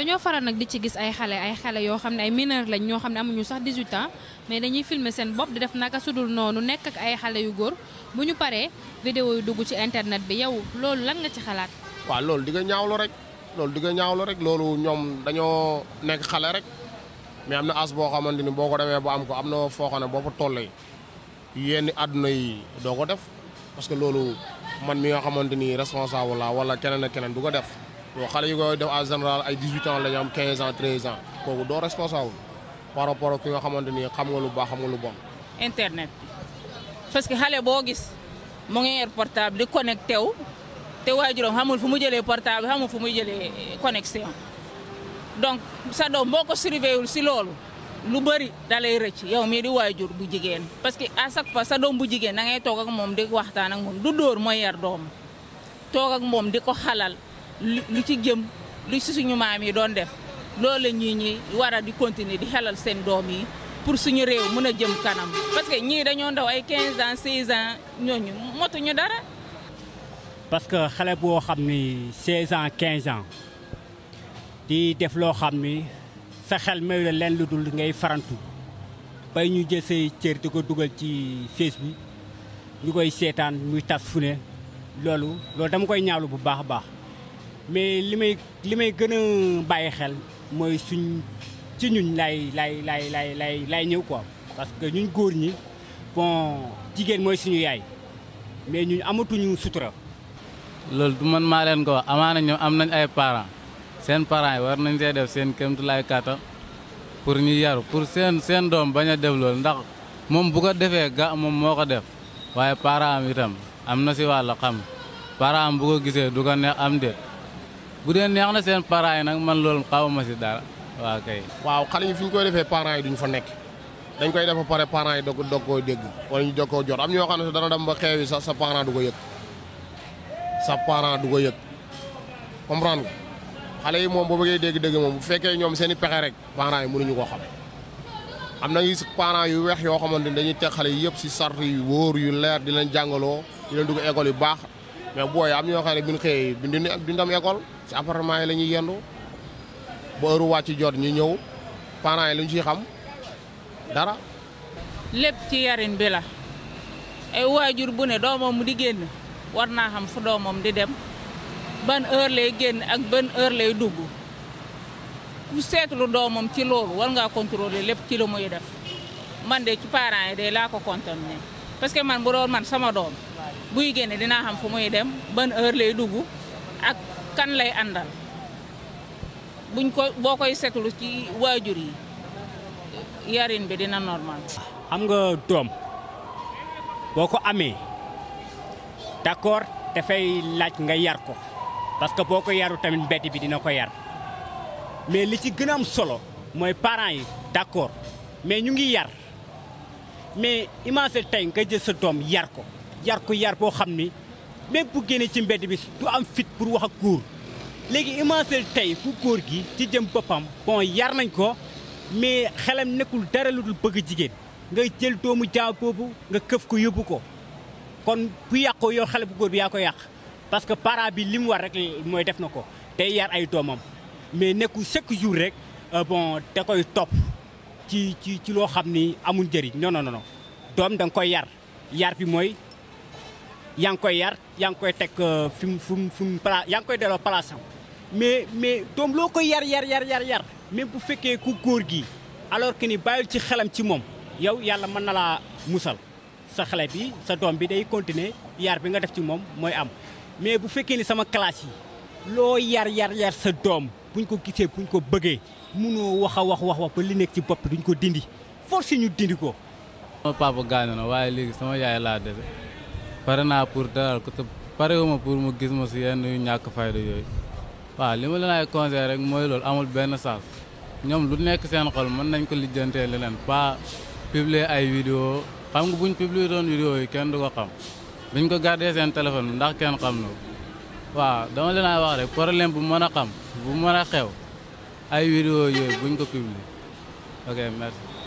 dañoo faral nag di ci gis ay xale ay xale yoo xam ne ay mineur lañ ñoo xam ne amuñu sax 18 ans mais dañuy filmer seen bopp di def naka sudul noonu nekk ak ay xale yu góor bu ñu paree vidéo yu dugg ci internet bi yow loolu lan nga ci xalaat. waaw loolu di nga ñaawlu rek loolu di nga ñaawlu rek loolu ñoom dañoo nekk xale rek mais am na as boo xamante ni boo ko demee ba am ko am na foo ne boo ko tollee yenn àdduna yi doo ko def parce que loolu man mi nga xamante ni responsable la wala keneen ak keneen du ko def. bon xale yi koy def en général ay 18 ans la ñu am 15 ans 13 ans doo responsable par rapport ak ki nga xamante ni xam nga lu baax xam nga lu bon. internet parce que xale boo gis mu ngi yor portable di connecté wu te waajuram xamul fu mu jëlee portable xamul fu muy jëlee connexion donc sa doom boo ko surveillul si loolu lu bëri da lay rëcc yow mii di waajur bu jigéen parce que à chaque sa doom bu jigéen da ngay toog ak moom di waxtaan ak moom du dóor mooy doom toog ak lu ci jëm lu si suñu maam yi doon def loolu la ñii ñi war di continuer di xelal seen doom yi pour suñu réew mën a jëm kanam parce que ñii dañoo ndaw ay 15 ans 16 ans ñooñu motuñu dara. parce que xale boo xam ni 16 ans 15 ans di def loo xam ni sa xel mayu la leen lu dul ngay farantu bay ñu jël say cër di ko dugal ci Facebook ñu koy seetaan muy tas fu loolu loolu dama koy ñaawlu bu baax a baax. mais li may li may gën a bàyyi xel mooy suñ ci ñuñ lay lay lay lay lay ñëw quoi parce que ñuñ góor ñi pon jigéen mooy suñu yaay mais ñuñ amatuñu sutura. loolu du man maa leen ko wax amaana ñoom am nañ ay parents seen parents yi war nañ see def seen kéemtulaay kàttan pour ñu yaru pour seen seen doom bañ a def loolu ndax moom bu ko defee ga moom moo ko def waaye parents am itam am na si wàll xam parents am gisee du ko neex am déet. bu dee neex na seen parents yi nag man loolu xaw ma si dara waaw kay. waaw xale yi fi ñu koy defee parents yi duñ fa nekk dañ koy def ba pare parents yi doog doog koo dégg wala ñu doog koo jot am ñoo xam ne dana dem ba xeewi sa sa parent du ko yëg sa parent du ko yëg comprendre nga xale yi moom boo bëggee dégg-dégg moom bu fekkee ñoom seen i pexe rek parents yi mënuñu ko xam am na gis parents yu weex yoo xamante ni dañuy teg xale yëpp si sart yu wóor yu leer di leen jàngaloo di leen dugg école yu baax mais booy am ñoo xam ne bu ñu xëyee duñ am école ci appartement yi la ñuy yendu ba heure wàcc jot ñu ñëw parents yi lu ñu xam dara. lépp ci yarin bi la ay waajur bu ne doomam mu di génn war naa xam fu doomam di dem ban heure lay génn ak ban heure lay dugg ku seetlu doomam ci loolu war ngaa contrôler lépp ci lu muy def man de ci parents yi de laa ko contamné parce que man bu man sama doom buy génne dinaa xam fu muy dem ban heure lay dugg ak. kan lay àndal buñ ko boo koy seetlu ci waajur yi yarin bi dina normal. am nga doom boo ko amee d'accord dafay laaj nga yar ko parce que boo ko yaru tamit mbedd bi dina ko yar mais li ci gën a am solo mooy parents yi d'accord mais ñu ngi yar mais imagine tey nga jël sa doom yar ko yar ko yar boo xam mi même pour génnee ci mbedd bi du am fit pour wax ak cour légui imancel tay ku góor gi ci jëm bopam bon yar nañ ko mais xelam nekul dara lu bëgg jigéen nga jël doomu jaa boobu nga këf ko yóbbu ko kon bu yàqoo yow xale bu góor bi yaa ko yàq parce que para bi lim war rek mooy def na ko tey yar ay doomam mais nekku chaque jour rek euh, bon da koy topp ci ci ci loo xam ni amul njëriñ non non non doom da nga koy yar yar bi mooy yaa ngi koy yar yaa ngi koy teg euh, fi mu fi mu fi mu pala yaa ngi koy delloo palaasam mais mais doom loo ko yar yar yar yar yar même bu fekkee ku góor gi alors que ni bàyyil ci xelam ci moom yow yàlla mën na laa musal sa xele bi sa doom bi day continuer yar bi nga def ci moom mooy am mais bu fekkee ni sama classe yi loo yar yar yar sa doom buñ ko gisee buñ ko bëggee mënoo wax a wax wax wax ba li nekk ci bopp duñ ko dindi si ñu dindi ko. sama papa gaañu na waaye léegi sama laa dese. pare naa pour dalal ko te parewuma pour mu gis ma si yenn yu ñàkk fayda yooyu waaw li ma leen conseil rek mooy loolu amul benn saaf ñoom lu nekk seen xol mën nañ ko lijjantee leneen paa publier ay vidéo xam nga buñ publier doon vidéo yi kenn du ko xam biñ ko gardé seen téléphone ndax kenn xam na waaw dama leen ay wax rek leen bu mën a xam bu mën a xew ay vidéo yooyu buñ ko pibli ok merci